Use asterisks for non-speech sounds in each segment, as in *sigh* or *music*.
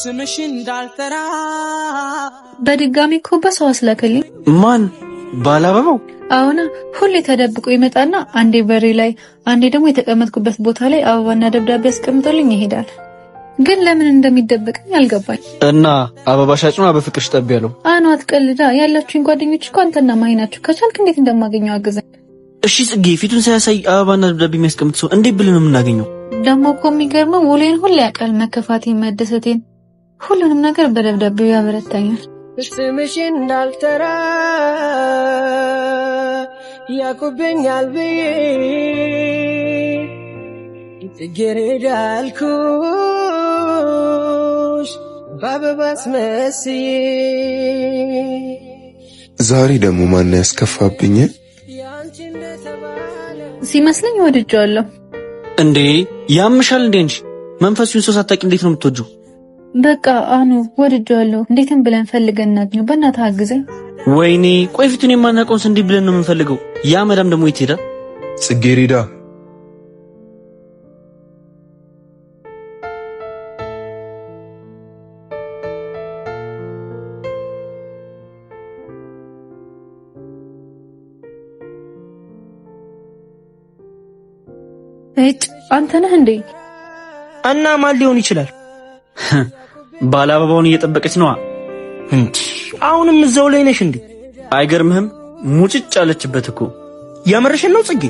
ስምሽ እንዳልጠራ በድጋሚ እኮ በሰው አስላከልኝ። ማን ባላበባው? አሁን ሁሌ ተደብቆ ይመጣና አንዴ በሬ ላይ፣ አንዴ ደግሞ የተቀመጥኩበት ቦታ ላይ አበባና ደብዳቤ አስቀምጦልኝ ይሄዳል። ግን ለምን እንደሚደበቀኝ አልገባኝ። እና አበባ ሻጭኗ በፍቅርሽ ጠብ ያለው አኑ አትቀልዳ። ያላችሁኝ ጓደኞች እኮ አንተና ማይ ከቻልክ እንዴት እንደማገኘው አግዘኝ። እሺ ጽጌ፣ ፊቱን ሳያሳይ አበባና ደብዳቤ የሚያስቀምጥ ሰው እንዴት ብለን ነው የምናገኘው? ደግሞ እኮ የሚገርመው ውሌን ሁሌ ያውቃል፣ መከፋቴን፣ መደሰቴን ሁሉንም ነገር በደብዳቤው ያበረታኛል። ስምሽ እንዳልጠራ ያቁብኛል ብዬ ጽጌረዳ አልኩሽ በአበባ አስመስዬ። ዛሬ ደግሞ ማን ያስከፋብኝ ሲመስለኝ ወድጄዋለሁ። እንዴ ያምሻል? እንዴ እንጂ መንፈሱን ሰው ሳታውቂ እንዴት ነው የምትወጂው? በቃ አኑ ወድጄዋለሁ። እንዴትም ብለን ፈልገን እናገኘው በእናትህ አግዘኝ። ወይኔ ቆይ ፊቱን የማናውቀውስ እንዲህ ብለን ነው የምንፈልገው? ያ መዳም ደግሞ የት ሄዳ? ጽጌሬዳ እጭ አንተ ነህ እንዴ? እና ማን ሊሆን ይችላል? *laughs* ባለ አበባውን እየጠበቀች ነዋ። አሁንም እዛው ላይ ነሽ እንዴ? አይገርምህም? ሙጭጭ አለችበት እኮ። የምርሽን ነው ጽጌ?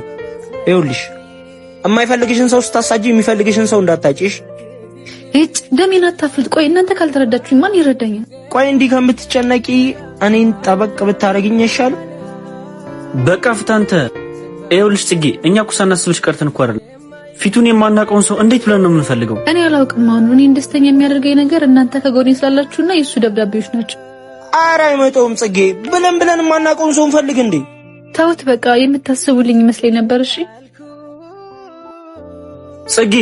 ይኸውልሽ የማይፈልግሽን ሰው ስታሳጂ የሚፈልግሽን ሰው እንዳታጭሽ። እጭ ደሜን አታፍልጥ። ቆይ እናንተ ካልተረዳችሁኝ ማን ይረዳኛል? ቆይ እንዲህ ከምትጨነቂ እኔን ጠበቅ ብታረግኝ ይሻል። በቃ ፍታንተ። ይኸውልሽ ጽጌ፣ እኛ እኮ ሳናስብሽ ቀርተን እኮ አይደል ፊቱን የማናውቀውን ሰው እንዴት ብለን ነው የምንፈልገው? እኔ አላውቅም። አሁን እኔን ደስተኛ የሚያደርገኝ ነገር እናንተ ከጎኔ ስላላችሁና የእሱ ደብዳቤዎች ናቸው። አረ አይመጣውም። ጽጌ ብለን ብለን የማናውቀውን ሰው እንፈልግ እንዴ? ተውት በቃ። የምታስቡልኝ ይመስለኝ ነበር። እሺ ጽጌ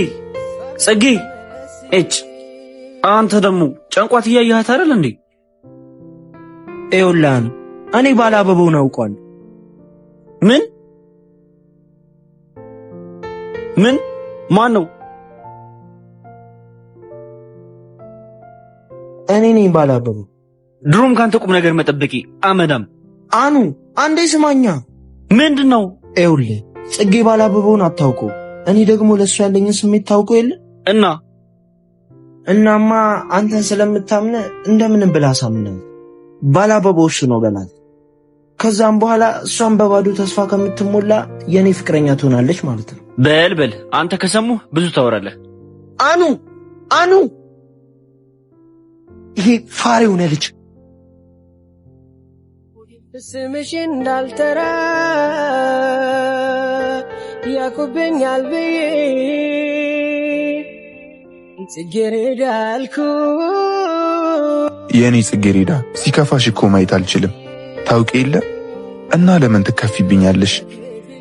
ጽጌ እጭ አንተ ደግሞ ጨንቋት እያየሃት አይደል እንዴ? ኤውላን እኔ ባለ አበባውን አውቋል። ምን ምን ማን ነው? እኔ ነኝ ባላበሩ። ድሮም ካንተ ቁም ነገር መጠበቂ አመዳም። አኑ አንዴ ስማኛ። ምንድን ነው? ጽጌ ባላበበውን አታውቁ። እኔ ደግሞ ለእሱ ያለኝን ስሜት ታውቁ የለ እና እናማ አንተን ስለምታምነ እንደምንም ብላ ሳምነ ባላበቦሽ ነው በላት። ከዛም በኋላ እሷን በባዶ ተስፋ ከምትሞላ የእኔ ፍቅረኛ ትሆናለች ማለት ነው። በል በል አንተ ከሰሙ ብዙ ታወራለህ። አኑ አኑ ይሄ ፋሬ ሆነ ልጅ ስምሽ እንዳልጠራ ያኩብኛል ብዬ ጽጌሬዳ አልኩ። የእኔ ጽጌሬዳ ሲከፋሽ እኮ ማየት አልችልም ታውቂ የለ እና ለምን ትከፊብኛለሽ?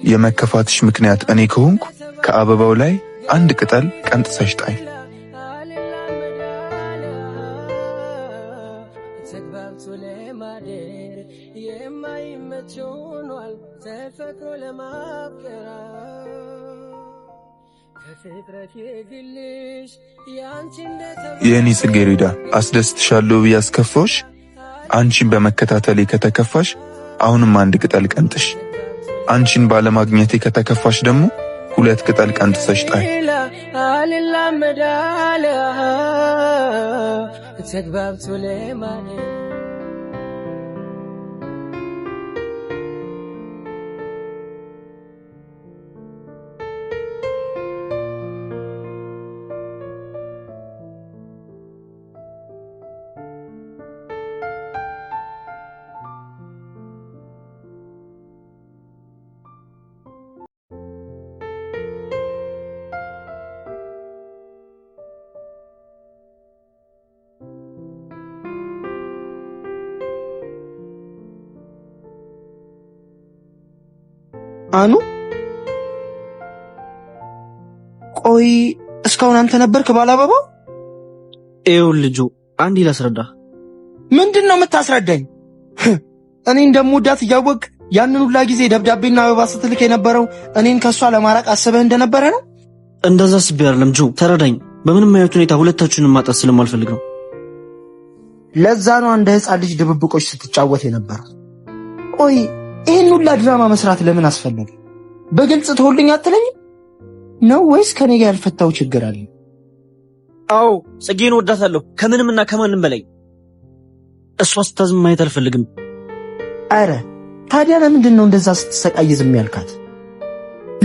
የመከፋትሽ ምክንያት እኔ ከሆንኩ ከአበባው ላይ አንድ ቅጠል ቀንጥሰሽ ጣይ። የእኔ ጽጌሬዳ አስደስትሻለሁ ብዬ አስከፋሽ። አንቺን በመከታተሌ ከተከፋሽ አሁንም አንድ ቅጠል ቀንጥሽ። አንቺን ባለማግኘቴ ከተከፋሽ ደግሞ ሁለት ቅጠል ቀንጥሰሽ ጣይ። አልላመዳለ ተግባብቶ ለማን አኑ ቆይ እስካሁን አንተ ነበርክ ባላበባው? ይኸውልህ ልጁ አንዴ ላስረዳ። ምንድን ነው የምታስረዳኝ? እኔ እንደምወዳት እያወቅ ያንን ሁላ ጊዜ ደብዳቤና አበባ ስትልክ የነበረው እኔን ከእሷ ለማራቅ አስበህ እንደነበረ ነው? እንደዛ አስቤ አይደለም ተረዳኝ። በምንም አይነት ሁኔታ ሁለታችሁንም ማጣት ስለማልፈልግ ነው። ለዛ ነው እንደ ህፃን ልጅ ድብብቆች ስትጫወት የነበረ። ቆይ ይህን ሁላ ድራማ መስራት ለምን አስፈለገ? በግልጽ ተወልኝ አትለኝ ነው ወይስ ከኔ ጋር ያልፈታው ችግር አለ? አዎ ጽጌን ወዳታለሁ ከምንምና ከማንም በላይ እሷ ስታዝም ማየት አልፈልግም። አረ ታዲያ ለምንድን ነው እንደዛ ስትሰቃይ ዝም ያልካት?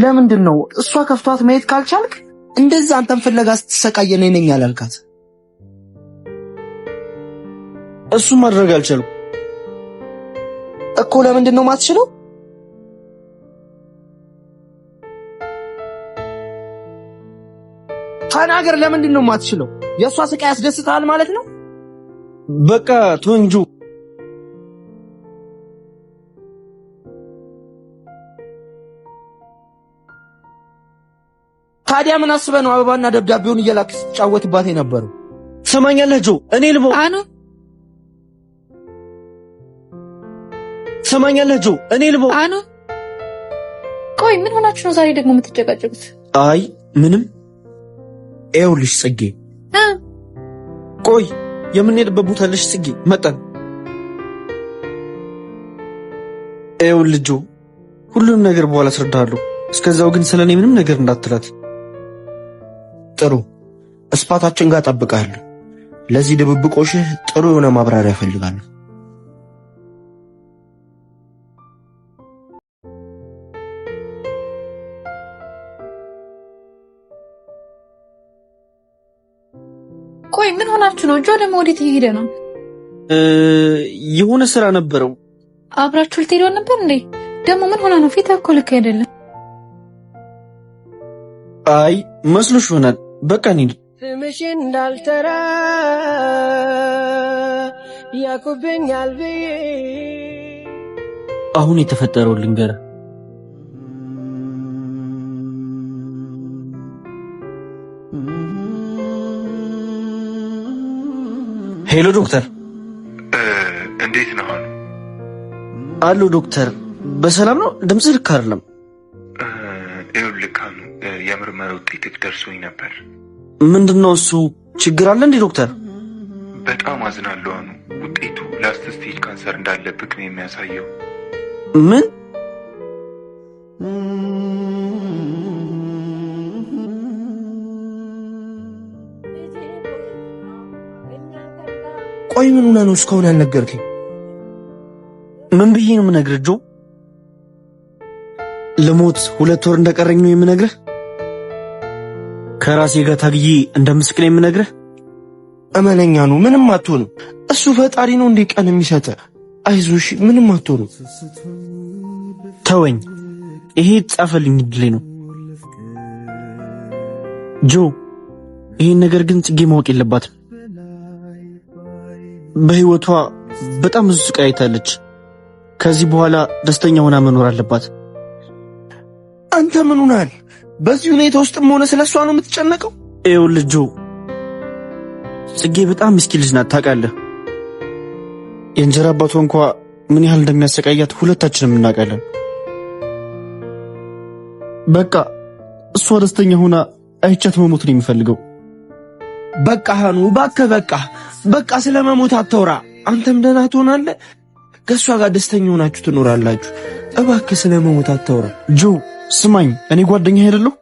ለምንድን ነው እሷ ከፍቷት ማየት ካልቻልክ እንደዛ አንተን ፍለጋ ስትሰቃየ ነኝ ያላልካት? እሱም ማድረግ አልቻልኩም። እኮ ለምንድን ነው ማትችለው? ተናገር። ለምንድን ነው ማትችለው? የእሷ ስቃይ ያስደስታል ማለት ነው? በቃ ቶንጁ ታዲያ ምን አስበህ ነው አበባና ደብዳቤውን እየላክ ስትጫወትባት የነበረው? ሰማኛለህ ጆ እኔ ልቦ ትሰማኛለህ ጆ፣ እኔ ልቦ አኑ፣ ቆይ ምን ሆናችሁ ነው ዛሬ ደግሞ የምትጨቃጨቁት? አይ ምንም። ይኸውልሽ ጽጌ፣ ቆይ የምንሄድበት ቦታ ልሽ ጽጌ፣ መጠን ይኸውልህ ጆ፣ ሁሉንም ነገር በኋላ አስረዳሃለሁ። እስከዛው ግን ስለኔ ምንም ነገር እንዳትላት። ጥሩ፣ እስፓታችን ጋር ጠብቃለሁ። ለዚህ ድብብቆሽህ ጥሩ የሆነ ማብራሪያ እፈልጋለሁ። ቆይ ምን ሆናችሁ ነው? እጇ ደግሞ ወዴት እየሄደ ነው? የሆነ ስራ ነበረው። አብራችሁ ልትሄዱ ነበር እንዴ? ደግሞ ምን ሆና ነው? ፊት እኮ ልክ አይደለም። አይ መስሎሽ ይሆናል። በቃ እንሂድ። ስምሽን እንዳልጠራ ያኩብኛል ብዬ አሁን የተፈጠረው ልንገርህ ሄሎ ዶክተር፣ እንዴት ነው አሉ? አሉ ዶክተር በሰላም ነው? ድምጽህ ልክ አይደለም። ይኸውልህ ልካ ነው። የምርመራ ውጤትህ ደርሶኝ ነበር። ምንድን ነው እሱ? ችግር አለ እንዴ ዶክተር? በጣም አዝናለሁ አኑ። ውጤቱ ላስት ስቴጅ ካንሰር እንዳለብክ ነው የሚያሳየው። ምን ነው እስካሁን ያልነገርከኝ? ምን ብዬ ነው የምነግርህ ጆ? ልሞት ሁለት ወር እንደቀረኝ ነው የምነግርህ? ከራሴ ጋር ታግዬ እንደምስቅ ነው የምነግርህ? እመነኛ ነው፣ ምንም አትሆንም። እሱ ፈጣሪ ነው እንዴ ቀን የሚሰጠ። አይዞሽ፣ ምንም አትሆንም። ተወኝ፣ ይሄ ጻፈልኝ እድሌ ነው ጆ። ይሄን ነገር ግን ጽጌ ማወቅ የለባትም። በህይወቷ በጣም ብዙ ስቃይ አይታለች። ከዚህ በኋላ ደስተኛ ሆና መኖር አለባት። አንተ ምን ሆናል? በዚህ ሁኔታ ውስጥም ሆነ ስለ እሷ ነው የምትጨነቀው? ይኸውልህ ልጁ ጽጌ በጣም ምስኪን ልጅ ናት። ታውቃለህ፣ የእንጀራ አባቷ እንኳ ምን ያህል እንደሚያሰቃያት ሁለታችንም እናውቃለን። በቃ እሷ ደስተኛ ሆና አይቻት መሞት ነው የሚፈልገው። በቃ ኑ፣ እባክህ በቃ በቃ መሞት አታውራ። አንተም ደህና ትሆናለህ፣ ከእሷ ጋር ደስተኛ ሆናችሁ ትኖራላችሁ። እባክህ መሞት አታውራ። ጆ ስማኝ፣ እኔ ጓደኛ አይደለሁ?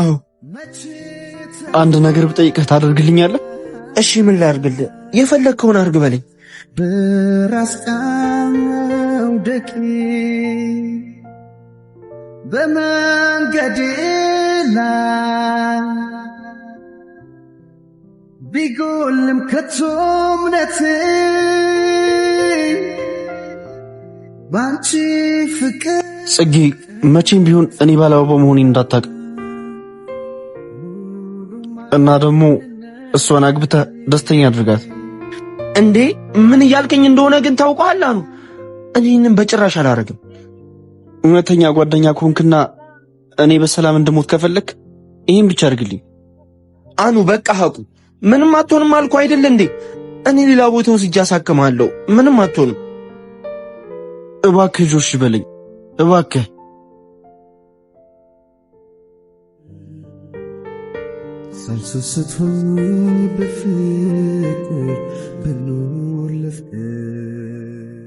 አዎ። አንድ ነገር ብጠይቅህ ታደርግልኛለህ? እሺ፣ ምን ላድርግልህ? የፈለግከውን አድርግ በለኝ። በራስጣው ደቂ በመንገድ ላይ ቢጎልም ከቶ እምነቴ ባንቺ ፍቅር ጽጌ፣ መቼም ቢሆን እኔ ባላባባው መሆኔ እንዳታውቅ እና ደግሞ እሷን አግብተ ደስተኛ አድርጋት። እንዴ ምን እያልከኝ እንደሆነ ግን ታውቀዋል አሉ። እኔንም በጭራሽ አላረግም። እውነተኛ ጓደኛ ከሆንክና እኔ በሰላም እንድሞት ከፈለክ ይህን ብቻ አድርግልኝ። አኑ በቃ ሀቁ ምንም አትሆንም አልኩ አይደል እንዴ? እኔ ሌላ ቦታ ወስጄ አሳክምሃለሁ። ምንም አትሆንም። እባክህ ጆሽ በለኝ እባክህ። ለፍቅር